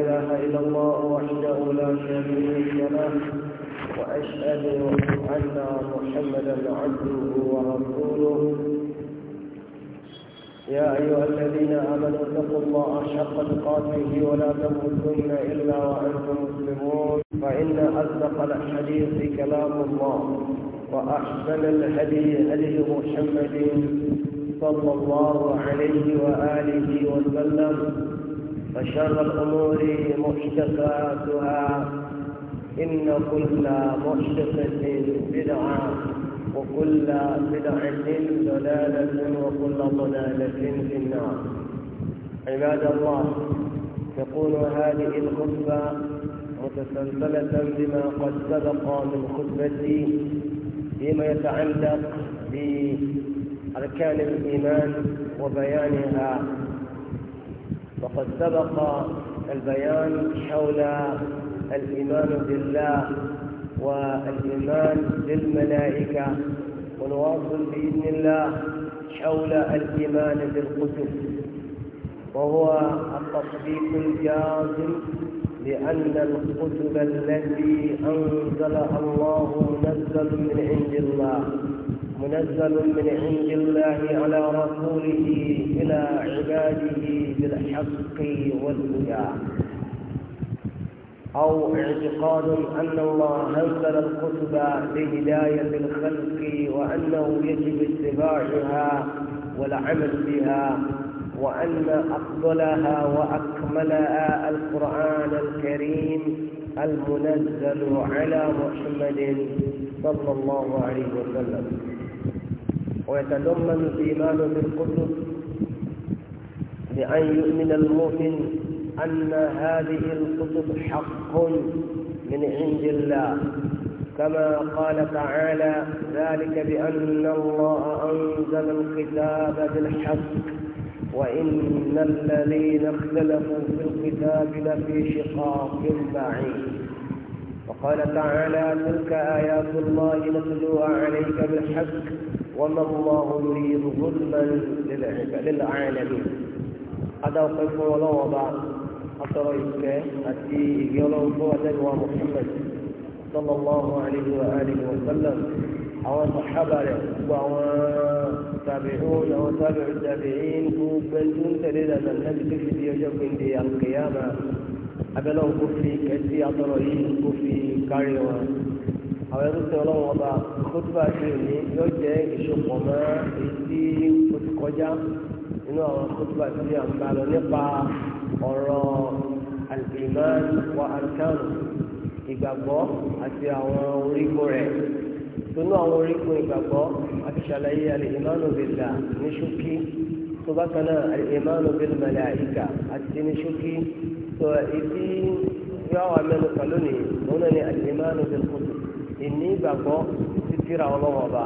إله إلا الله وحده لا شريك له وأشهد أن محمدا عبده ورسوله يا أيها الذين آمنوا اتقوا الله حق تقاته ولا تموتن إلا وأنتم مسلمون فإن أصدق الحديث كلام الله وأحسن الهدي هدي محمد صلى الله عليه وآله وسلم وشر الأمور محدثاتها إن كل محدثة بدعة وكل بدعة ضلالة وكل ضلالة في النار عباد الله تكون هذه الخطبة متسلسلة بما قد سبق من خطبتي فيما يتعلق بأركان الإيمان وبيانها وقد سبق البيان حول الإيمان بالله والإيمان بالملائكة ونواصل بإذن الله حول الإيمان بالقدس وهو التصديق الجازم لأن الكتب التي أنزلها الله منزل من عند الله منزل من عند الله على رسوله إلى عباده بالحق والهدى أو اعتقاد أن الله أنزل الكتب لهداية الخلق وأنه يجب اتباعها والعمل بها وأن أفضلها وأكملها القرآن الكريم المنزل على محمد صلى الله عليه وسلم ويتضمن الإيمان بالقدس بأن يؤمن المؤمن أن هذه الكتب حق من عند الله كما قال تعالى ذلك بأن الله أنزل الكتاب بالحق وإن الذين اختلفوا في الكتاب لفي شقاق بعيد وقال تعالى تلك آيات الله نتلوها عليك بالحق وما الله يريد ظلما للعالمين هذا وقف ولا وضع أثر إسكاء أتي يلو فوزن ومحمد صلى الله عليه وآله وسلم أو صحابة وأو تابعون أو تابع التابعين كوبنتون تليلا من نبي تكفي يوجب عند القيامة أبلغ كفي كسي أطرعين كفي كاريوان àwọn ẹrú sọ ọlọ́run ọba kótópà tí ò ní yóò jẹ́ ìṣòpọ̀ mọ́ etí oṣù kọjá nínú àwọn kótópà tí à ń bá lọ nípa ọ̀rọ̀ al-iman wa arkan ìgbàgbọ́ àti àwọn orígun rẹ̀ tónú àwọn orígun ìgbàgbọ́ àti ṣàlàyé al-iman ní ṣókí tó bá kan náà al-iman bil àti ní ṣókí tó etí yóò wà mẹ́nu kàlónì òun náà ni al-iman ìní ìgbàgbọ́ ti ọlọ́wọ́ ọba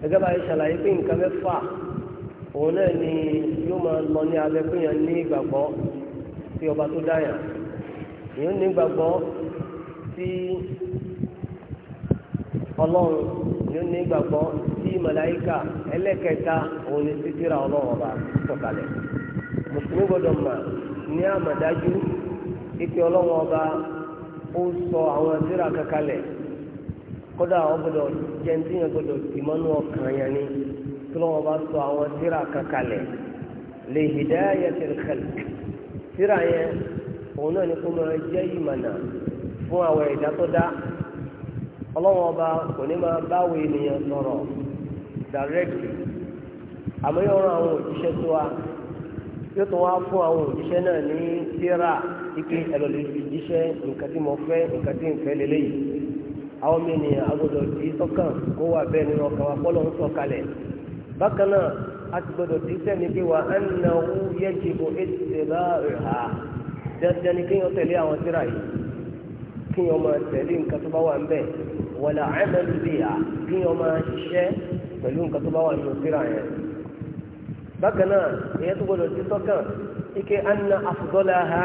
gẹ́gẹ́ bá yẹn ṣàlàyé pé nǹkan mẹ́fà òun náà ni yóò máa lọ ní abẹ́ pé yẹn ní ìgbàgbọ́ ọba tó dáyà èèyàn ní ìgbàgbọ́ sí ọlọ́run èèyàn ní ìgbàgbọ́ sí màláíkà ẹlẹ́kẹta ni títíra ọlọ́wọ́ ọba sọ̀kalẹ̀ sọ àwọn kódà àwọn gbọ́dọ̀ jẹntì yẹn gbọ́dọ̀ tìmọnú ọkàn yẹn ni tí wọn bá sọ àwọn tírà lè yẹn òun náà ni kó máa jẹ ìmọ̀nà fún àwọn ẹ̀dá tó dá ọlọ́wọ́n ọba kò ní máa báwo ènìyàn sọ̀rọ̀ dàrẹ́kì àmọ́ àwọn òjíṣẹ́ tó wa yóò wá fún àwọn òjíṣẹ́ ike jíṣẹ́ nǹkan tí mo àwọn ọmọ ènìyàn agbọ́dọ̀ dì í sọ́kàn kó wà bẹ́ẹ̀ nínú ọkàn wa kọ́lọ́ ń sọ kalẹ̀ bákan náà a ti gbọ́dọ̀ dì í sẹ́ni pé wà á nà wú yẹ́jì bò ètè bá rà dandan ni kéèyàn tẹ̀lé àwọn síra yìí kéèyàn máa tẹ̀lé nǹkan tó bá wà ń bẹ̀ wàlà àmàlù bì á kéèyàn máa ṣiṣẹ́ pẹ̀lú nǹkan tó bá wà nínú síra yẹn bákan náà èyí tó gbọ́dọ̀ dì í sọ́kàn ike anna afdalaha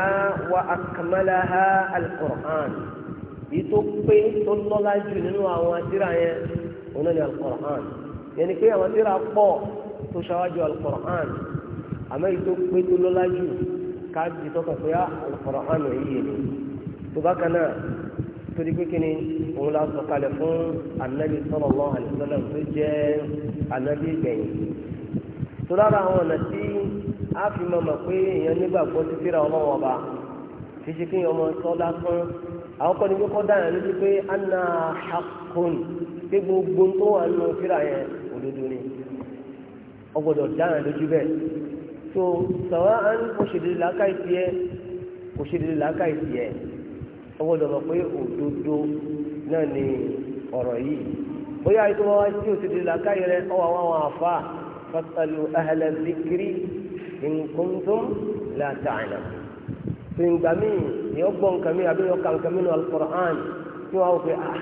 wa akmalaha al-Qur'an èyí tó pé tó lọ́lá jù nínú àwọn àtìrà yẹn òun náà ni alukoran yẹn ni pé àwọn àtìrà pọ̀ tó ṣáwájú alukoran àmọ́ èyí tó pé tó lọ́lá jù káàdì tó kàn pé ah, alukoran yìí ni tó bá kan náà torí pé kí òun la sọ kalẹ̀ fún anabi sallallahu alaihi wasallam tó jẹ́ anabi gbẹ̀yìn tó lára àwọn ọ̀nà tí a fi mọ̀ mọ̀ pé èèyàn nígbàgbọ́ títí ra ọlọ́wọ́ ọba fi ṣe kí ọmọ sọ́lá fún àwọn kan ní pé kọ́ dáhùn lójú pé anna hakun pé gbogbo tó wà nínú síra yẹn òdodo ni ọ gbọ́dọ̀ dáhùn lójú bẹ́ẹ̀ tó sọ̀rọ̀ à ń kò ṣèlérí làákà ìsì ẹ kò ṣèlérí làákà ìsì ẹ ọ gbọ́dọ̀ mọ̀ pé òdodo náà ni ọ̀rọ̀ yìí bóyá ètò wa tí òṣèlérí làákà rẹ ọwọ́ àwọn àwọn àfa fasalu ahla zikiri in kuntum tìǹgbà míì èèyàn gbọ́ nǹkan míì àbí èèyàn ka nǹkan míì nù alukoran tí wọ́n á wò pé ah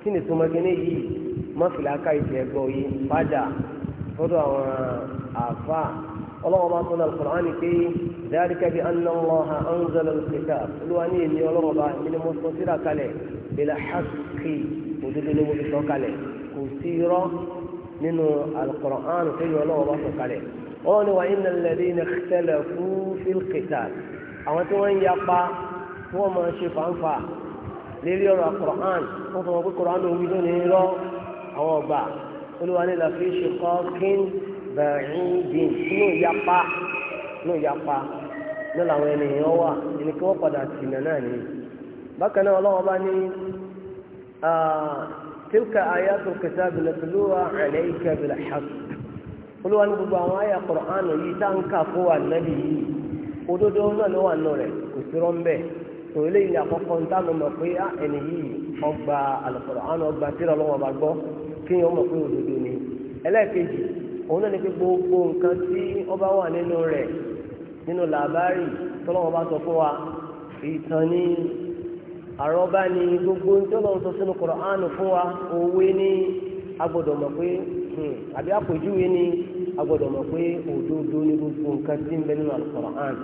kí ni tòmọ́gẹ́ni yìí má fìlà ká ìfẹ́ gbọ́ yìí padà fọ́dọ̀ àwọn àfa ọlọ́wọ́ bá sọ alukoran pé dáríkà bí anáwọ̀ha anzala lùkìtà olúwa ní èmi ọlọ́wọ́ bá mi ni mo sọ síra kalẹ̀ bẹ́lẹ̀ hàkì òdodo ni sọ kalẹ̀ kò sí irọ́ nínú alukoran tó yọ ọlọ́wọ́ bá sọ kalẹ̀ ọ àwọn tí wọ́n ń yapa tí wọ́n máa ṣe fàǹfà lérí ọ̀rọ̀ Qur'an wọ́n sọ wọn pé Qur'an ló wí lónìí lọ àwọn ọgbà olúwa ní làfi ṣe kọ́ kín bẹ̀rìndín inú yapa inú yapa ní làwọn ènìyàn wà ẹni kí wọ́n padà sí nà náà ni bákan náà ọlọ́wọ́ bá ní tilka ayatul kitabi natluha alayka bil haqq olúwa ní gbogbo àwọn àyà Qur'an yìí tá ń kà fún wa nàbì yìí. òdodo náà ló wà nù rẹ, kò sí mbẹ, tó eléyìí ni àkọ́kọ́ ń tánu mọ̀ pé á ah, ẹni yìí ọgbà Al-Qur'an ọgbà tíra lọ́wọ́ bá gbọ́ kí pé òdodo ni ẹlẹ́ẹ̀kejì òun náà ni pé gbogbo nǹkan tí ọba wà nínú rẹ̀ nínú làbárì bá sọ wa ìtàn ni àrọ́bá ni gbogbo tọ́lọ́wọ́ sọ sínú Qur'an fún wa òwe ni agbọ́dọ̀ mọ̀ pé hmm, àbí ni agbọ́dọ̀ mọ̀ pé òdodo ní gbogbo nǹkan tí ń bẹ nínú Al-Qur'an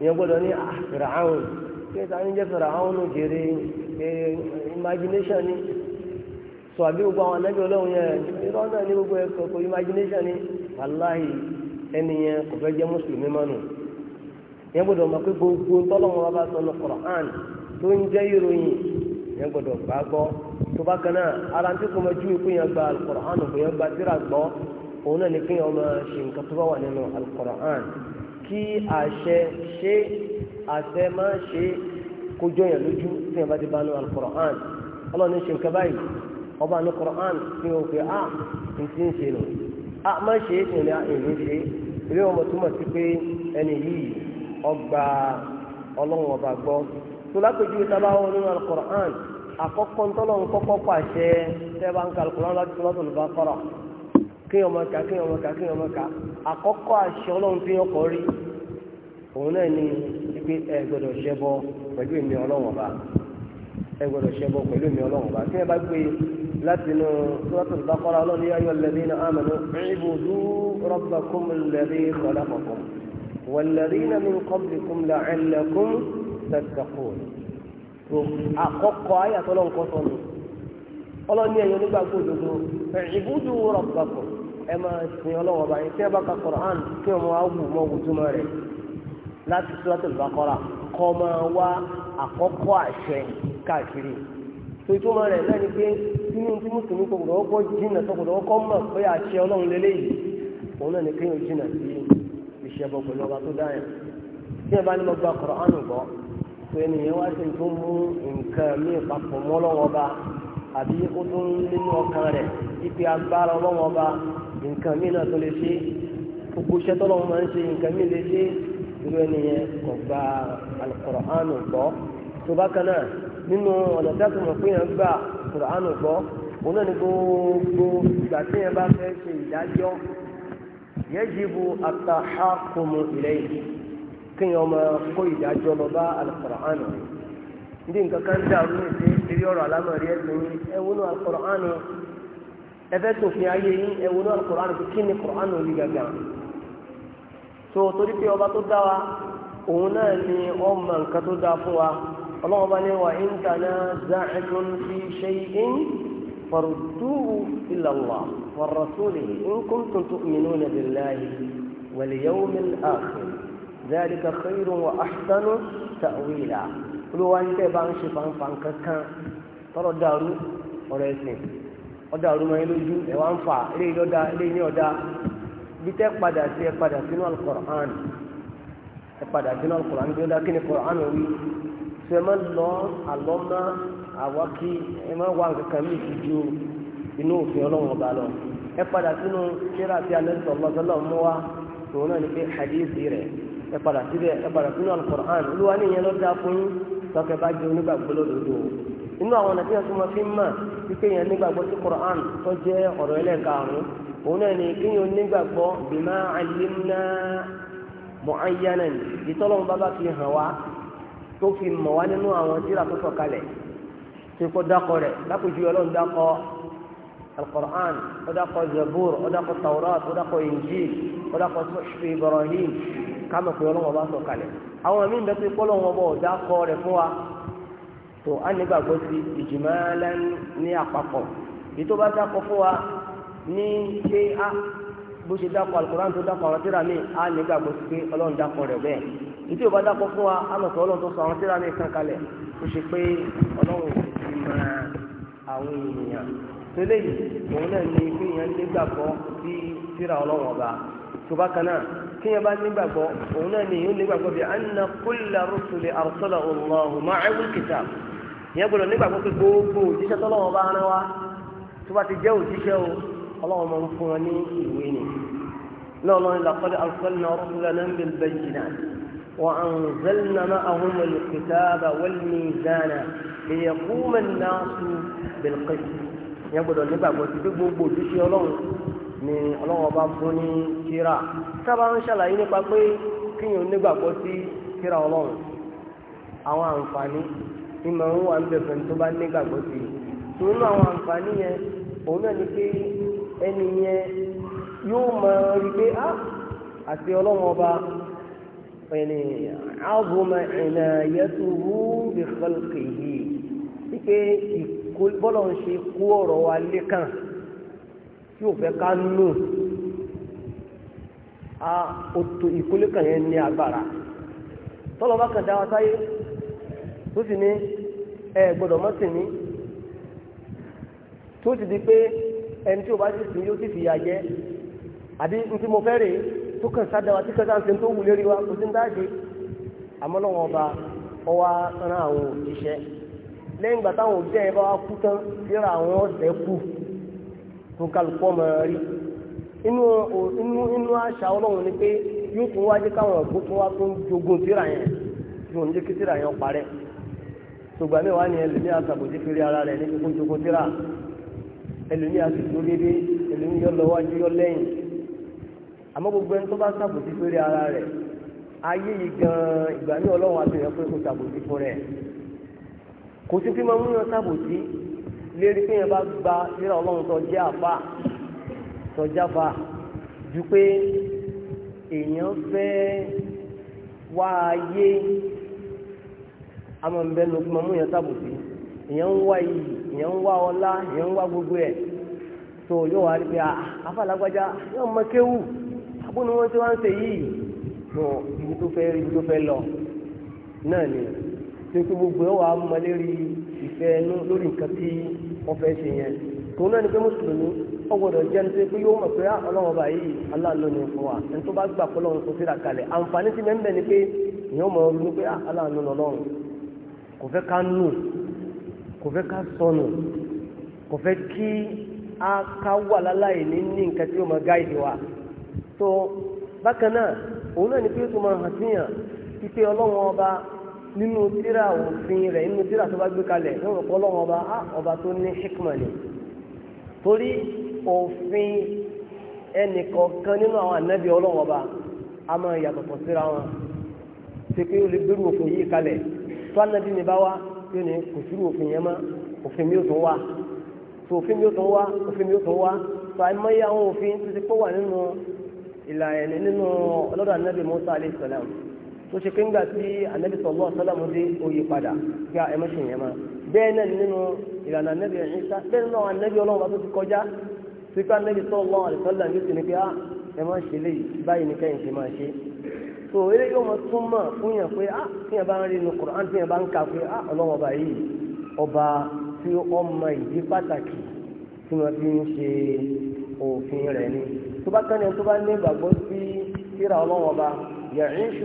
ìyẹn gbọ́dọ̀ ní ah, Fir'aun kí ẹ sáré ń jẹ́ Fir'aun ní jèrè imagination ni sọ àbí gbogbo àwọn anábì ọlọ́run yẹn ní gbogbo imagination ni wàláhì ẹni yẹn kò fẹ́ jẹ́ mùsùlùmí mọ́nu ìyẹn gbọ́dọ̀ mọ̀ pé gbogbo tọ́lọ́wọ́n wa bá sọ ní Qur'an tó ń jẹ́ ìròyìn yẹn gbọ́dọ̀ gbàgbọ́ tó bá kan náà ju gba òun náà ni kí ọmọ ṣe nǹkan tó bá wà nínú alukoran kí àṣẹ ṣe àṣẹ máa ṣe kójọ yẹn lójú tí wọn bá ti bá nínú alukoran ọlọ́run ní ṣe nǹkan báyìí ọba ní koran fi hàn pé a ah, n ti ń ṣe nù a ah, má ṣe ìrìn àìní ṣe ilé ah, ọmọ túmọ̀ sí pé ẹni yìí ọgbà ọlọ́run ọba gbọ́ tó lápèjú ìtàbá wọn nínú alukoran àkọ́kọ́ ntọ́lọ́run kọ́kọ́ pàṣẹ tẹ́ bá ń ka kéèyàn máa kà kéèyàn máa kà kéèyàn máa kà àkọ́kọ́ àṣẹ ọlọ́run tí yọkọ̀ rí òun náà ni pé ẹ gbọ́dọ̀ ṣẹbọ pẹ̀lú èmi ọlọ́run ọba ẹ gbọ́dọ̀ ṣẹbọ pẹ̀lú èmi ọlọ́run ọba tí ẹ bá gbé láti inú sọ́tò ìdákọ́ra ọlọ́run yá yọ lẹ́bí iná àmàlú ìbùdó rabbakum lẹ́bí khalaqakum walladhina min qablikum la'allakum kọ́ sọ́nù ọlọ́run yẹn yọ nígbà gbọ́dọ̀ ẹ máa sin ọlọ́wọ́ báyìí tí ẹ bá ka Qur'an kí ọmọ wa wù mọ́ wùtúmọ̀ rẹ̀ láti Suratul Baqara kọ́ máa wá àkọ́kọ́ àṣẹ káàkiri ìtumọ̀ rẹ̀ náà ni pé nínú tí mùsùlùmí kò gbọdọ̀ kọ́ jìnnà tó gbọdọ̀ kọ́ mọ̀ pé àṣẹ ọlọ́run lélẹ̀ òun náà ni pé yóò jìnnà sí iṣẹ́ bọ̀ pẹ̀lú ọba tó dáyẹ̀ tí ẹ bá ní mo gba gbọ́ pé ènìyàn wá sí tó mú nǹkan papọ̀ ipe agbára nǹkan mí náà tó lè ṣe gbogbo iṣẹ́ tó lọ́wọ́ máa ń ṣe nǹkan mí lè ṣe irú ẹni yẹn kò gba Al-Qur'an gbọ́ tó bá kan náà nínú ọ̀nà dákun mọ̀ pé yẹn gba Al-Qur'an gbọ́ òun náà ni gbogbo ìgbà tí yẹn bá fẹ́ ṣe ìdájọ́ yajibu at-tahakkumu ilayhi kéèyàn máa kó ìdájọ́ lọ bá Al-Qur'an ndí nǹkan kan dàrú ní ìṣe ìṣeré ọ̀rọ̀ alámọ̀rí ẹ̀sìn ẹ̀wọ̀n ẹfẹ́ sòfin ayé yín ẹ̀wò náà kùránù kí kí ni kùránù yìí gàgà tó torí pé ọba tó dá wa òun náà ni ọmọ nǹkan tó dá fún wa ọlọ́wọ́n bá ní wa ìntànà záàtún fi ṣe in farutuhu ila Allah wa rasulihi in kuntum tu'minuna billahi wal yawmil akhir dhalika khayrun wa ahsanu ta'wila olúwa bá ń ṣe fanfan kankan tọrọ dàrú ọ̀rọ̀ ọ̀dà ọ̀rùnmọ̀ yẹn lójú ẹ̀wà ń fà eléyìí ọ̀dà eléyìí ọ̀dà bí tẹ́ padà sí ẹ padà sínú alukoran ẹ padà sínú alukoran bí ọ̀dà kíni koran wí sọ ẹ má lọ àlọ́ má àwa kí ẹ má wá nǹkan mi ti ju inú òfin ọlọ́run ọba lọ ẹ padà sínú kíra tí alẹ́ sọ̀rọ̀ sọ́lọ́ mú wa tòun náà ní pé hadith rẹ̀ ẹ padà síbẹ̀ ẹ padà sínú alukoran olúwa ní ìyẹn lọ́dà fún tọ́kẹ́ bá jẹ́ onígbàgbọ́ lódodo inú àwọn nàìjíríà tó máa fi ń mọ̀ wípé yẹn nígbàgbọ́ sí Qur'an tó jẹ́ ọ̀rọ̀ ẹlẹ́karùn-ún òun náà ni kí yẹn nígbàgbọ́ bima allimna mu'ayyanan ìtọ́lọ́mù bàbá fi hàn wá tó fi mọ̀ wá nínú àwọn tírà tó sọ̀ kalẹ̀ tí kò dákọ̀ rẹ̀ lápòjú ọlọ́run dákọ̀ القرآن ودق الزبور ودق التوراة ودق الإنجيل ودق صحف إبراهيم كما يقولون الله سبحانه وتعالى أو من بس يقولون الله دق tó a nígbàgbọ́ sí ìjùmọ̀lá ní àpapọ̀ èyí tó bá dákọ̀ fún wa ní ṣé a bó ṣe dákọ̀ alukoran tó dákọ̀ àwọn tíra mi a nígbàgbọ́ sí pé ọlọ́run dákọ̀ rẹ̀ bẹ́ẹ̀ èyí tó bá dákọ̀ fún wa a lọ̀tọ̀ ọlọ́run tó sọ àwọn tíra mi kan kalẹ̀ tó ṣe pé ọlọ́run ti mọ àwọn ènìyàn tó léyìí òun náà ní kí èèyàn nígbàgbọ́ sí tíra ọlọ́run ọba tuba kana kínyẹ bá nígbàgbọ́ òun náà ní yóò nígbàgbọ́ bí anna kulla rusuli arsala allahu ma'awul kitab ìyẹn gbọ́dọ̀ nígbàgbọ́ pé gbogbo òjíṣẹ́ tọ́lọ́wọ́ bá rán wa tó bá ti jẹ́ òjíṣẹ́ o ọlọ́wọ́ máa ń fún wọn ní ìwé ni lọ́ọ̀lọ́ni làkọ́lé alùpùpù rọ́pùlẹ̀ náà ń bẹ bẹ́jì náà wọ́n à ń zẹ́lẹ̀ náà àwọn olùkìtàbà wẹ́lẹ̀ ìdáná èyẹ kúmẹ̀ náà sùn bẹ̀lẹ̀kẹ́ ìyẹn gbọ́dọ̀ nígbàgbọ́ pé gbogbo òjíṣẹ́ ọlọ́run ni ọlọ́wọ́ bá fún ní kíra sábà ń ṣàlàyé nípa pé kíyàn nígbàgbọ́ sí kíra ọlọ́run àwọn àǹfààní ní màá ń wà ń bẹ̀fẹ̀ tó bá nígbàgbọ́ sí i tó nínú àwọn àǹfààní yẹn òun náà ni pé ẹni yẹn yóò máa rí pé á ah, àti ọlọ́wọ́n ọba ẹni àbùmọ̀ ẹ̀nà yẹtùwú bí kọ́lùkì yìí wípé bọ́lọ̀ ń ṣe kú ọ̀rọ̀ wa lékàn tí ò fẹ́ ká nù ah, ìkólé kan yẹn ní agbára tọ́lọ́ bá kàn dá wa sáyé tó sì ní ẹ gbọ́dọ̀ mọ́ sí ní tó sì di pé ẹni tí o bá sì sí yóò sì fìyà jẹ àbí n tí mo fẹ́ rèé tó kàn sáda wa tí kẹta ń ṣe tó wù lérí wa kò sí ń dáàjì àmọ́ náà wọn ọba ọwa ran àwọn òṣìṣẹ́ lẹ́yìn ìgbà táwọn òbí ẹ̀yẹ bá wá kú tán síra àwọn ọ̀sẹ̀ kù tó kálukú ọmọ rí inú inú inú àṣà ọlọ́run ni pé yóò tún wá káwọn ọ̀gbọ́n tún wá tún jogún síra yẹn tí wọ́n ń jẹ́ kí síra yẹn parẹ́ ṣùgbọ́n mi wà ní ẹlòmí àtàbòjì kiri ara rẹ̀ ní kókó jókòó tíra ẹlòmí àtìkú dédé ẹlòmí yọ lọ wájú yọ lẹ́yìn àmọ́ gbogbo ẹni tó bá ṣàbòjì kiri ara rẹ̀ ayé yìí gan ìgbà ní ọlọ́run àtẹ̀yẹ pé kò ṣàbòjì fún rẹ̀ kò sí fíìmù mú yàn ṣàbòjì lérí pé yẹn bá gba síra ọlọ́run tó jẹ́ àfa tó jáfa ju pé èèyàn fẹ́ wá ayé àmọ́ ń bẹ́ẹ̀ lókun mọ́mú yẹn sábòsí ìyẹn ń wá iyì ìyẹn ń wá ọlá ìyẹn ń wá gbogbo ẹ̀ tó yóò wá rí pé ah, afálágbájá yóò mọ kéwù àbúrò wọn tí wọ́n ń ṣe yìí tó ibi tó fẹ́ ibi tó fẹ́ lọ náà ni tó kí gbogbo ẹ̀ wà á mọ lérí ìfẹ́ lórí nǹkan tí wọ́n fẹ́ ṣe yẹn tó náà ni pé mùsùlùmí ọgbọdọ jẹ ní pé yóò mọ̀ pé ah, ọlọ́run ọba yìí aláàánú ni fún wa ẹni tó bá gbà pé ọlọ́run kò sí ra kalẹ̀ àǹfààní ti mẹ́ńbẹ́ ni pé èèyàn mọ̀ ah, ọ́ kò fẹ́ ká nù kò fẹ́ ká sọnù kò fẹ́ kí a ká wà láláì ní ní nǹkan tí ó máa gáìdì wa tó bákan náà òun náà ni pé tó máa hàn síyàn ipe ọlọ́run ọba nínú tíra òfin rẹ̀ nínú tíra tó bá gbé kalẹ̀ nínú ọ̀pọ̀ ọlọ́run ọba á ah, ọba tó ní hikma ni torí òfin ẹnìkọ̀ọ̀kan nínú àwọn ànábì ọlọ́run ọba a máa yàtọ̀tọ̀ síra wọn ṣe pé ó lè gbérù òfin yìí kalẹ̀ tó ànábì mi bá wá yóò ní kò sírú òfin yẹn mọ́ òfin mi ò tún wá tó òfin mi ò tún wá òfin mi ò tún wá tó àìmọye àwọn òfin tó ti pọ̀ wà nínú ìlà ẹ̀ní nínú ọlọ́dọ̀ ànábì Musa alayhi salam tó ṣe pé ńgbà tí ànábì sallallahu alaihi wasallam dé oyè padà kí a ẹmọ́ ṣe yẹn mọ́ bẹ́ẹ̀ náà nínú ìlànà ànábì Ìsá bẹ́ẹ̀ nínú àwọn ànábì ọlọ́run bá tó ti kọjá tó ṣe pé ànábì sallallahu alaihi wasallam yóò ti ní pé a ah, ẹmọ́ ṣe léyìí báyìí ní kẹ́yìn ṣe máa ṣe so eré yóò mọ tún fún yàn pé ah tí ya bá ń rí inú Qur'an tí bá ń pé ah ọlọ́wọ́ yìí ọba tí ọmọ ìdí pàtàkì tí wọ́n fi ń ṣe òfin rẹ̀ ni tó bá kán ní tó bá ní ìgbàgbọ́ sí síra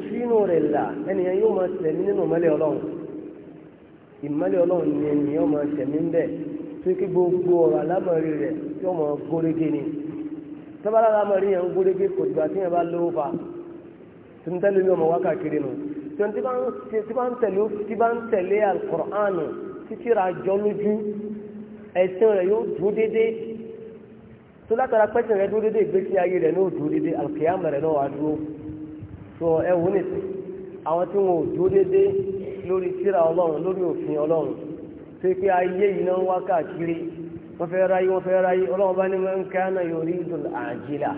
fi nurillah ẹnìyàn yóò tẹ̀mí nínú ọlọ́run ọlọ́run ni ènìyàn tẹ̀mí tó kí gbogbo ọ̀rọ̀ alámọ̀rí rẹ̀ ọmọ ni alámọ̀rí yẹn ń kò yẹn bá fa tí ń tẹ́lẹ̀ ní ọmọ wákàkiri nù tí bá ń tẹ̀lé tí bá ń tẹ̀lé alukọ̀ránù títí ra jọ lójú ẹ̀sìn rẹ̀ yóò dúró dédé tó látara pẹ́sìn rẹ̀ dúró dédé ìgbésí ayé rẹ̀ náà dúró dédé alùkìyàmù rẹ̀ náà wà dúró tó ẹ wò ní àwọn tí wọn ò dúró dédé lórí tírà ọlọ́run lórí òfin ọlọ́run tó pé ayé yìí náà wákàkiri wọ́n fẹ́ ráyé wọ́n fẹ́ ráyé ọlọ́run bá ní man kana yuridu al-ajila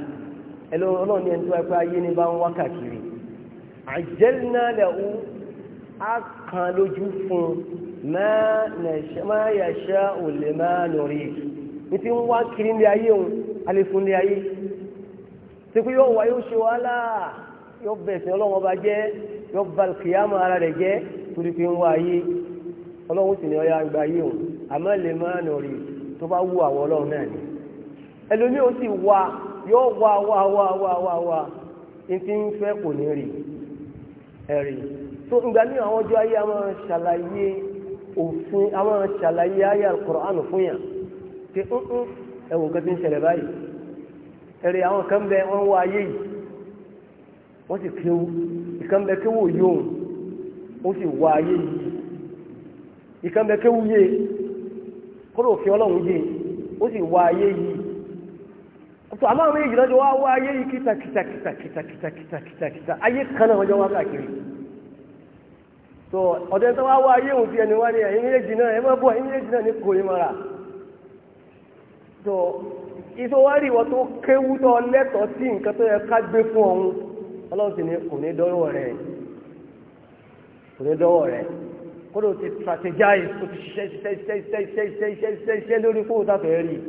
ẹlọ́run ní ẹni tó wáyé pé ayé ní bá ń wákàkiri àjẹ́línà lẹ́hu á kan lójú fún máa yàṣá òlè máa lórí ní ti ń wá kiri ní ayé òun alẹ́fún ní ayé tí kú yóò wá yóò ṣe wàhálà yóò bẹ̀sẹ̀ ọlọ́wọ́n bá jẹ́ yóò ba kìyàmù ara rẹ̀ jẹ́ torí pé ń wá ayé ọlọ́wọ́n sì ní ọya gba ayé òun àmọ́ lè máa lórí tó bá wú àwọn ọlọ́run náà ni ẹlòmíì ó sì wá yóò wá wá wá wá wá wá ní ti ń fẹ́ kò ní rí ẹ̀rí tó ìgbà ní àwọn ọjọ́ ayé àwọn ṣàlàyé òfin àwọn ṣàlàyé ayé alukur'an fún yàn pé ńkún ẹ̀wọ̀n kan ti ń ṣẹlẹ̀ báyìí ẹ̀rí àwọn kan bẹ wọ́n wá ayé yìí wọ́n sì kéwú ìkan bẹ kéwú yóò wọ́n sì wá ayé yìí ìkan bẹ kéwú yé kó lóò ọlọ́run yé ó sì wá ayé yìí so àmọ́ àwọn méjì lọ́jọ́ wá wá ayé yìí kìtà kìtà kìtà kìtà kìtà kìtà kìtà kìtà ayé kan náà wọ́jọ́ wá káàkiri so ọ̀dẹ́ tó wá wá ayé òun ti ẹni wá ní ẹ̀yìn méjì náà ẹ má bọ̀ ẹ̀yìn méjì náà ní kò ní mara so iṣẹ́ wá rí ìwọ tó kéwú tó lẹ́tọ̀ọ́ sí nǹkan tó yẹ ká gbé fún ọ̀hún ọlọ́run sì ní se se se se se se se se se ló ti strategize kó ti ṣiṣẹ́ ṣiṣẹ́ ṣiṣẹ́ ṣiṣẹ́ ṣiṣẹ́ ṣiṣẹ́ lórí kó o tàfẹ́ rí i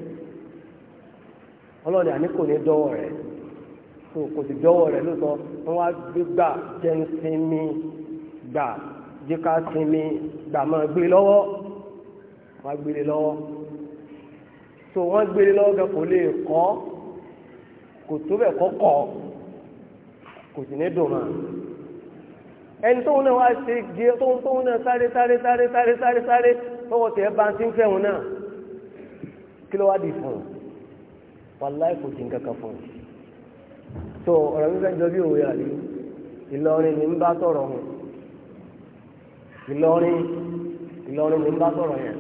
ọlọ́ọ̀ni àní kò ní dọ́wọ́ rẹ̀ tó kò sì dọ́wọ́ rẹ̀ lóòótọ́ wọ́n wá gbígbà jẹ́ ń sinmi gbà jẹ́ ká sinmi gbà máa gbé lọ́wọ́ wọ́n gbélé lọ́wọ́ tó wọ́n gbélé lọ́wọ́ gan kò lè kọ́ kò tó bẹ̀ kọ́ kọ́ kò sì ní dùn mọ́ ẹni tóun náà wá ṣe gé tóun tóun náà sáré sáré sáré sáré sáré sáré tọwọ́ tẹ̀ bá ti ń fẹ́ wọn náà kí ló wá dì fún un. wàláì kò sí nǹkan so ọ̀rọ̀ mi fẹ́ jọ bí òwe ni ń bá sọ̀rọ̀ hàn ìlọrin ni ń bá yẹn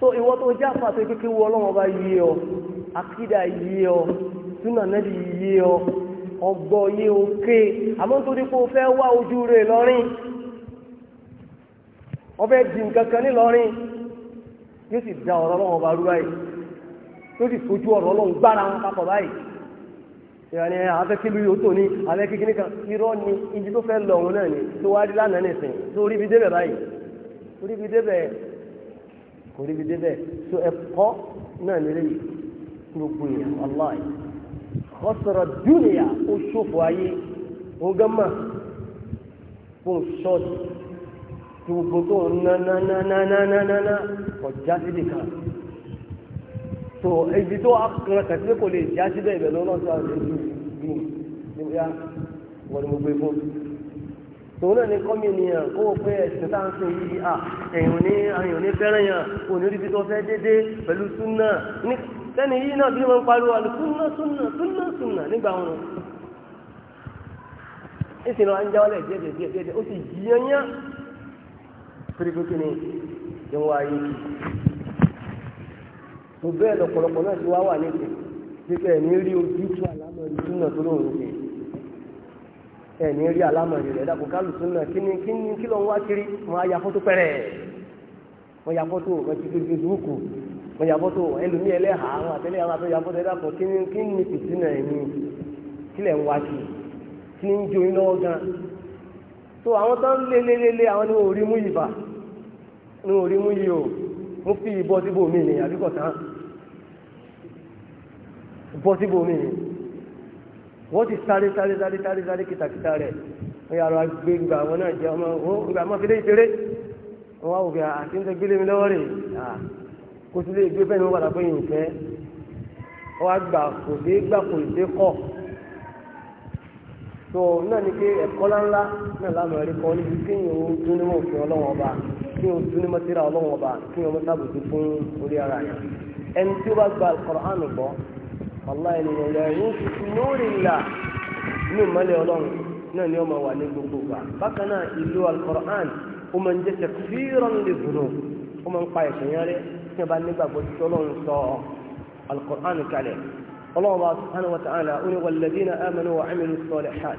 so iwọ tó jẹ́ àpàtẹ kékeré wọ ọ akídà ọ ọ ọgbọ nítorí pé o wá ojú dì nǹkan kan da lórí ìfojú ọ̀rọ̀ ọlọ́run gbára wọn papọ̀ báyìí ìyàní afẹ́kílú yóò tó ní afẹ́kíkíní kan irọ́ ni ibi tó fẹ́ lọ òun náà ni tó wá rí lánàá nìsín tó rí ibi débẹ̀ báyìí kò rí ibi débẹ̀ tó ẹ̀kọ́ náà nílé yìí gbogbo yẹn wàláì ọ̀sọ̀rọ̀ dúnìyà ó ṣòfò ayé òun gán mà fún ṣọ́ọ̀tì gbogbo tó ń ná tó ibi tó akọrọ kàtí pé kò lè já síbẹ̀ ìbẹ̀ lọ́wọ́ náà sọ àwọn ìlú ní bóyá wọ́n ni mo gbé fún. tòun náà ní kọ́mí ènìyàn kó o pé ẹ̀sìn tá à ń sọ yìí à èèyàn ní àyàn ní fẹ́ràn yàn kò ní ibi tó fẹ́ dédé pẹ̀lú súnà ní sẹ́ni yìí náà bí wọ́n pariwo àlù súnà súnà súnà súnà nígbà wọn. ìsìn náà ń jáwọ́lẹ̀ díẹ̀díẹ̀díẹ̀ ó sì yíyan yán ni ìwọ ayé tó bẹ́ẹ̀ lọ́pọ̀lọpọ̀ náà ti wá wà níbi pípẹ́ ẹ̀ní rí ojú tú àlámọ̀rí súnà tó lóun ṣe ẹ̀ní rí àlámọ̀rí rẹ̀ dàpọ̀ kálù súnà kíni kíni kí ló ń wá kiri mo á ya fọ́tò pẹ́rẹ́ mo ya fọ́tò mo ti fi dúkù mo ya fọ́tò ẹlòmíì ẹlẹ́hà àwọn àtẹ́lẹ́ àwọn àtẹ́lẹ́ àfọ́tò ẹ̀dàpọ̀ kíni kíni pìtì náà ẹ̀ní kílẹ̀ ń wá kiri kíni ń joyin lọ́wọ́ gan so àwọn tó ń lé lé lé lé àwọn ni wọn ò rí mú yìí bà ni wọn ò rí mú yìí o mo fi ìbọn síbò mí ni àbíkọ̀ tán bọ́ síbò mí wọ́n ti sáré sáré sáré sáré sáré kìtàkìtà rẹ̀ wọ́n yàrá gbé gbà wọn náà jẹ́ ọmọ wọn gbà mọ́ fílẹ̀ ìṣeré wọ́n wá òkè ah, àti ń tẹ́ gbélé mi lọ́wọ́ rè kó sì lè gbé bẹ́ẹ̀ ni wọ́n padà pé yìí fẹ́ wọ́n wá gbà kò dé gbà kò dé kọ́ tó náà ni pé ẹ̀kọ́ ńláńlá náà lámà rí kọ́ níbi kí ni o dún ní mọ̀ fún ọlọ́wọ́n ọba kí ni o dún ní mọ̀ síra ọlọ́wọ́n ọba kí ni o mọ̀ sábòtú fún orí ara rẹ̀ ẹni tí ó bá gba Al-Qur'an gbọ́ wàlá ènìyàn yẹn yóò fi lórí ìlà ní ìmọ̀lẹ̀ ọlọ́run náà ni ó máa wà ní gbogbo gbà bákan náà ìlú alukoran ó máa ń jẹ́ tẹ̀kfíràn lè dùnú ó máa ń pa ẹ̀sìn yẹn rẹ tí wọ́n bá nígbàgbọ́ tí ọlọ́run sọ alukoran kalẹ̀ ọlọ́run bá subhanahu wa ta'ala ó ní wàlẹ́dínà amanu wa amilu sọlẹ̀ xaad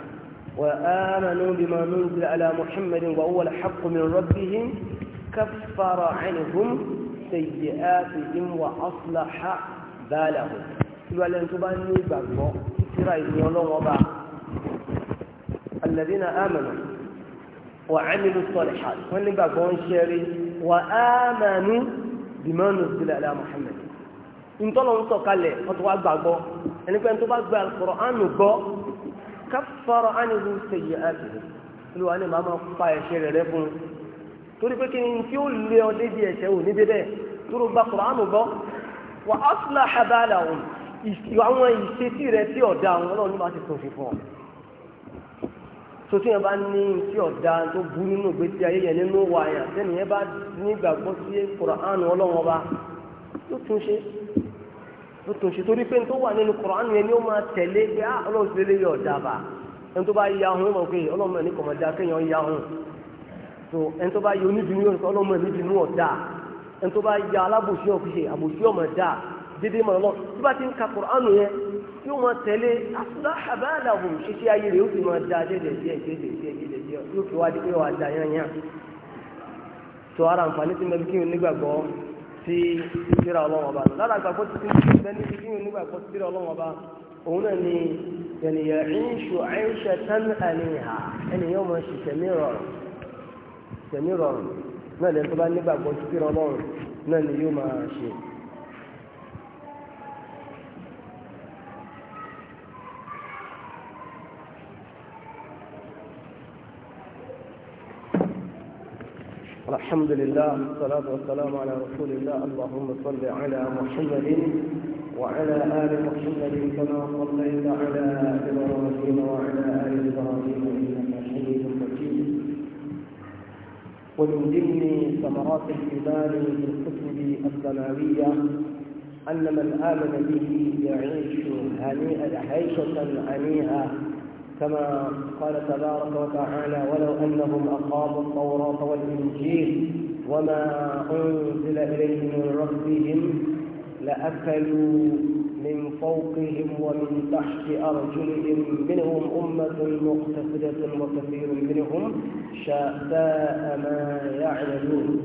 وآمنوا بما نزل على محمد وهو الحق من ربهم كفر عنهم سيئاتهم وأصلح بالهم ìwàlẹ̀ tó bá ní ìgbàgbọ́ títíra ìlú ọlọ́wọ́ bá alladhina amanu wa amilu salihat wọ́n ní gbàgbọ́ ń ṣe rí wa amanu bima nuzila ala Muhammad ntọ́lọ́ ń sọ̀kalẹ̀ wọ́n tó wá gbàgbọ́ ẹni pé tó bá gba Al-Qur'an gbọ́ kaffara anhu sayyi'atihi ló wà ní màá máa fa ẹ̀ṣẹ̀ rẹ̀ rẹ́ fún torí pé kí ni tí ó lé ọ débi àwọn ìṣesí rẹ tí ọ̀dà àwọn ọlọ́run bá ti sòfin fún ọ sotí yẹn bá ní tí ọ̀dà tó burú nínú gbèsè ayé yẹn nínú wà yẹn sẹ́ni yẹn bá nígbàgbọ́ sí Kùránù ọlọ́run ọba tó tún ṣe tó tún ṣe torí pé tó wà nínú Kùránù yẹn ni ó máa tẹ̀lé pé á ah, ọlọ́run ti lè yọ ọ̀dà bá ẹni tó bá ya hun ó mọ̀ pé ọlọ́run ẹni kọ̀mọ̀dá kéèyàn ya hun so ẹni tó bá ya onídùúró ọlọ́run ẹni ẹni tó bá ya alábòsí ọ̀ dédé mọ̀ lọ́wọ́ tí bá ti ń ka Kùránù yẹn yóò máa tẹ̀lé afúláhà bá àdàbò ṣíṣe ayé rẹ̀ yóò fi máa da dédé díẹ̀ dédé díẹ̀ dédé díẹ̀ yóò fi wá di pé wà á da yányán. tó ara nǹkan tí mẹ́bí kí n nígbàgbọ́ sí síra ọlọ́wọ́n ọba lára àgbàgbọ́ ti ti mẹ́bí kí n nígbàgbọ́ sí ọlọ́wọ́n ọba òun náà ni ènìyàn ìṣù àìṣẹ tán àníyà ènìyàn yóò máa ṣe. الحمد لله والصلاة والسلام على رسول الله اللهم صل على محمد وعلى آل محمد كما صليت على إبراهيم وعلى آل إبراهيم إنك حميد مجيد ومن ضمن ثمرات الإيمان الكتب السماوية أن من آمن به يعيش هنيئا عيشة هنيئة كما قال تبارك وتعالى ولو أنهم أقاموا التوراة والإنجيل وما أنزل إليهم من ربهم لأكلوا من فوقهم ومن تحت أرجلهم منهم أمة مقتصدة وكثير منهم شاء ما يعملون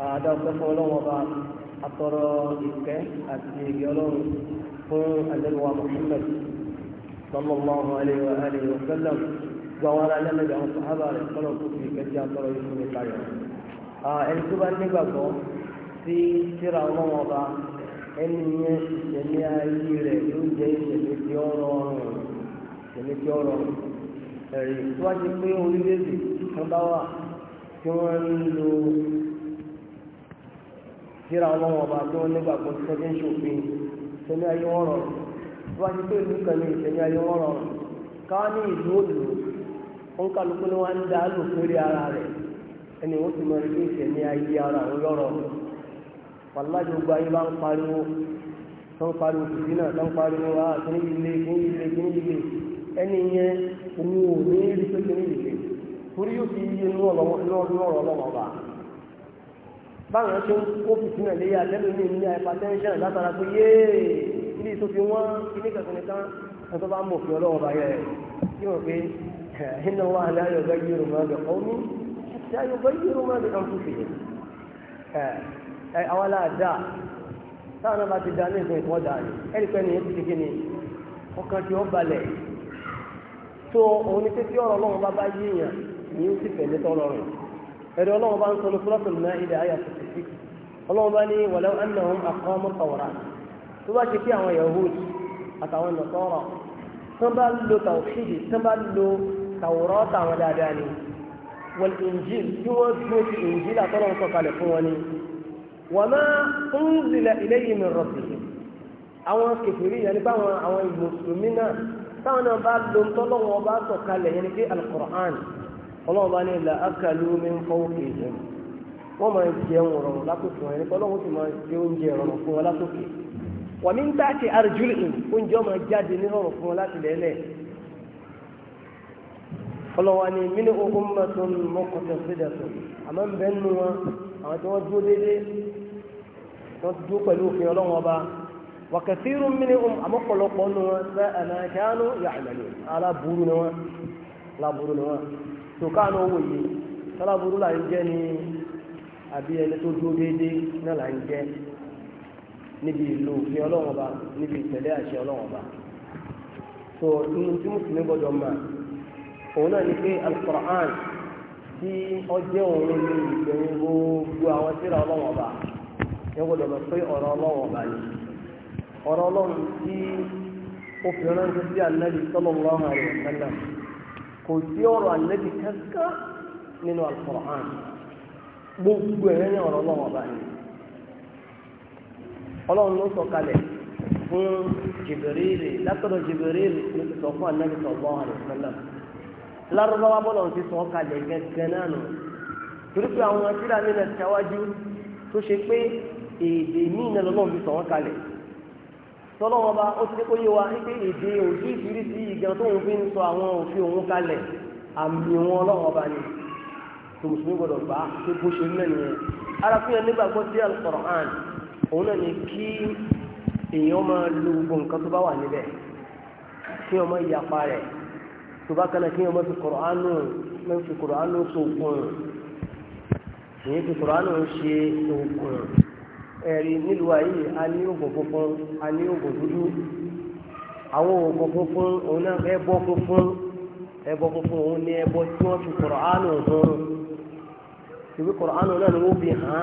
هذا صفة وضع أترى إبكاء أتيجي لهم فهو محمد صلى الله عليه وآله وسلم زوال النبي عن الصحابة قالوا كفي كجاء ترى يسمي قايا ẹni tó bá nígbàgbọ́ sí síra ọlọ́wọ́n ọba ẹni yẹn ìṣẹ̀lẹ̀ ayé rẹ̀ ló jẹ́ ìṣẹ̀lẹ̀ tí ó rọrùn ìṣẹ̀lẹ̀ tí ó rọrùn ẹ̀rí tó wá ti pé orílẹ̀-èdè kan bá wà tí wọ́n ń lo síra ọlọ́wọ́n ọba tí wọ́n nígbàgbọ́ sí sẹ́kẹ́ńṣòfin ìṣẹ̀lẹ̀ ayé wọn rọrùn. wọ́n ti pé ìlú kan ní ìṣẹ̀yìn ayé wọ́n rọrùn káwọn ní ìlú òlù ń kálukú ni wọ́n ń dá lò ara rẹ̀ ẹni wọ́n ti mọ ẹgbẹ́ ìṣẹ̀yìn ayé ara òun lọ́rọ̀ gbogbo ayé bá ń pariwo tó ń pariwo tìbí náà tó ń pariwo wá kíní ilé kíní ilé kíní ilé ẹni yẹn òun ò ní rí pé kíní ilé torí yóò fi iye inú ọ̀rọ̀ ọlọ́wọ́ báwọn ṣe ń kó fìtínà léyà lẹ́nu ní tó fi wọ́n ilé kankan nìkan ẹni tó bá mọ̀ fi ọlọ́wọ́ bá yẹ kí wọ́n pé iná wa aláyọ̀ bá yí rùmọ́ bẹ̀ ọ́nú ṣe ayọ̀ bá yí rùmọ́ bẹ̀ ọ̀tún fi ẹ̀ àwọn aláàdá táwọn náà bá ti da ní ìsìn ìkọ́ da ni ẹni pẹ́ ni èyí ti kí ni ọkàn tí ó balẹ̀ tó òun ni pé ọ̀rọ̀ ọlọ́run bá bá yíyàn ni ó sì fẹ̀lẹ́ ní fúlọ́tò ní bá ní wàlẹ́ annahum aqamu tawrat tó bá ṣe pé àwọn yahudi àtàwọn nọ̀tọ́rọ̀ tó bá lo tàwùsídì tó bá lo tàwùrọ̀ táwọn dáadáa ni wọ́n injil tí wọ́n dúró ti injil àtọ́nà ń sọ̀kalẹ̀ fún wọn ni wọ́n máa ń zilẹ̀ ilé yìí mi rọ̀bì àwọn kẹfìrí yẹn nípa àwọn àwọn mùsùlùmí náà táwọn náà bá lo tọ́lọ́wọ́n bá sọ̀kalẹ̀ yẹn ni pé alukur'an ọlọ́wọ́n bá ní ilà akalu mi ń fọwọ́ kéèyàn wọ́n máa jẹun rọrùn lákòókò yẹn nípa ọlọ́wọ́n sì máa jẹ oúnjẹ rọrùn fún wọn lákòókò wàmí ń tà ti arjulin oúnjẹ ọmọ jáde nírọ̀rùn i wọn láti lẹ́lẹ̀ ọlọ́wà ni mí ní ogun mọ́tò mọ́kànlá sídẹ̀ tó a ń bẹ́ nínú wọn àwọn tí wọ́n dúró déédéé wọ́n dúró pẹ̀lú òfin ọlọ́wọ́n ọba wàkàtí irun mí ní ohun àmọ́kọ̀lọpọ̀ nínú wọn sẹ́ àlàkánú yàgbẹ̀lú aláburú ni ni ni níbi ìlú òfin ọlọ́run ọba níbi ìtẹ̀lé àṣẹ ọlọ́run ọba so inú tí mùsùlùmí gbọdọ̀ mà òun náà ni pé alukoran tí ọjẹ́ òun ní ìgbẹ̀yìn gbogbo àwọn síra ọlọ́run ọba ẹ gbọdọ̀ lọ pé ọ̀rọ̀ ọlọ́run ọba ni ọ̀rọ̀ ọlọ́run tí ó fi ránṣẹ́ sí anabi sallallahu alaihi wasallam kò sí ọ̀rọ̀ anabi kankan nínú alukoran gbogbo ẹ̀rẹ́ ní ọ̀rọ̀ ọlọ́run ọba ni ọlọ́run ló sọ kalẹ̀ fún jìbìrìlì látọ̀dọ̀ jìbìrìlì ló ti sọ fún anábì sọ̀gbọ́n àlùfẹ́lẹ̀ lárúbáwá bọ́lọ̀ ti sọ kalẹ̀ gẹ́gẹ́ náà nù torí pé àwọn akíra nínú ẹ̀sìkáwájú tó ṣe pé èdè míì náà lọ́lọ́run fi sọ wọ́n kalẹ̀ tọ́lọ́wọ́n bá ó ti dé kó yé wa pé èdè òjú ìfìrísí ìgbà tóun fi ń sọ àwọn òfin òun kalẹ̀ àmì wọn ọlọ́wọ́n bá ní tòmùsùn gbọdọ̀ gbà pé bó ṣe ń mẹ́nu yẹn ara nígbàgbọ́ sí Al-Qur'an òun náà ni kí èèyàn máa lo gbogbo nǹkan tó bá wà níbẹ̀ kí wọ́n máa yapa rẹ̀ tó bá kan náà kí wọ́n máa fi Kùránì máa fi Kùránì sókun èyí fi Kùránì ṣe òkun ẹ̀rí nílùú ayé a ní oògùn funfun a ní oògùn dúdú àwọn oògùn funfun òun náà funfun ẹbọ funfun fi Kùránì hàn ìwé náà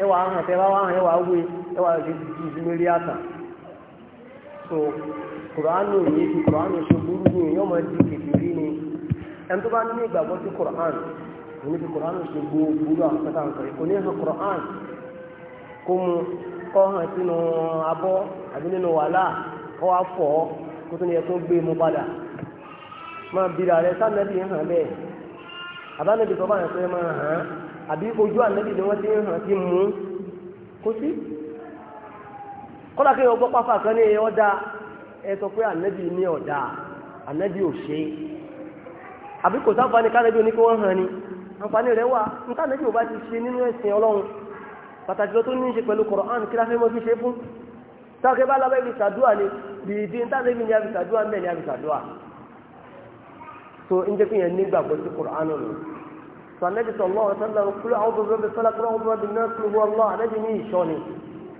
ẹwà ahàn tẹ́wà ahàn ẹwà ewa ẹwà ìdílérí àtà so kùránù yìí ti kùránù ṣe burú ní èèyàn máa di ni ẹni tó bá ní ìgbàgbọ́ sí kùránù òní fi kùránù ṣe gbogbo àwọn kẹta àbí ojú ànábì ni wọ́n ti ń hàn sí mú kó sí kọ́lá kí ọgbọ́ pàfà kan ní ọ̀dà ẹ sọ pé ànábì ní ọ̀dà ànábì ò ṣe àbí kò sáfà ní kánẹ́bí oní kí wọ́n hàn ni àǹfààní rẹ̀ wà ní kánẹ́bí ò bá ti ṣe nínú ẹ̀sìn ọlọ́run pàtàkì lọ tó ní í ṣe pẹ̀lú Kùránì kí láfẹ́ mọ́ fi ṣe fún táwọn bá lábẹ́ ibi ṣàdúrà ni bìbí ní tánẹ́bí ní abìṣàdúrà mẹ́ẹ̀ ní abìṣàdúrà so ń jẹ́ kí yẹn nígbàgbọ́ sí Kùránì nù sànẹ́bí sọ̀lọ́ ọ̀sánlá kúlẹ̀ àwọn tó bẹ́ẹ̀ fẹ́lá kúlẹ̀ àwọn tó bẹ́ẹ̀ náà kúlẹ̀ wọ́n lọ ànẹ́bí ní ìsọ́ni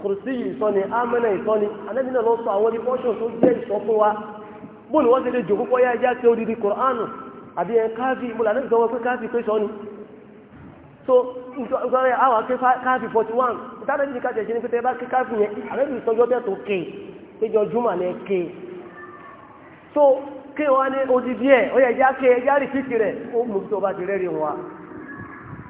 kùrùsí yìí ìsọ́ni ámẹ́nà ìsọ́ni ànẹ́bí náà lọ sọ àwọn ìfọ́sọ̀ tó jẹ́ ìsọ́ so forty one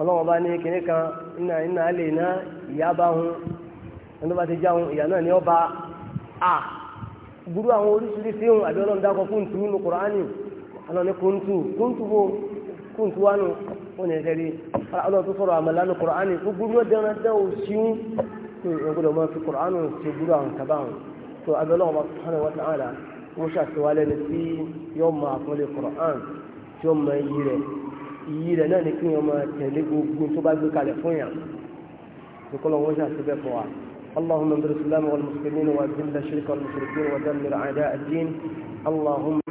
ọlọ́wọ́n bá ní kinní kan iná iná lè ná ìyá bá hun ẹni tó bá ti já hun ìyá náà ní ọba a burú àwọn oríṣiríṣi hun àbí ọlọ́run dákọ̀ kúntù nínú kùránì ọlọ́run ní kúntù kúntù bò kúntù wánu wọn ní ẹsẹ̀ rí ọlọ́run tó sọ̀rọ̀ àmàlà ní kùránì gbogbo ní ọdẹ ọdẹ òṣìún tó ìgbọ́dọ̀ máa fi kùránì ṣe burú àwọn kaba hun tó abẹ́ ọlọ́run bá sọ̀rọ̀ wọ́n iyì rẹ̀ náà ni kí wọ́n máa tẹ̀lé gbogbo tó bá gbé kalẹ̀ fún yàn nìkọ́lọ̀ wọ́n ṣàtúbẹ̀ fún wa اللهم انصر الاسلام والمسلمين واذل الشرك والمشركين ودمر اعداء الدين اللهم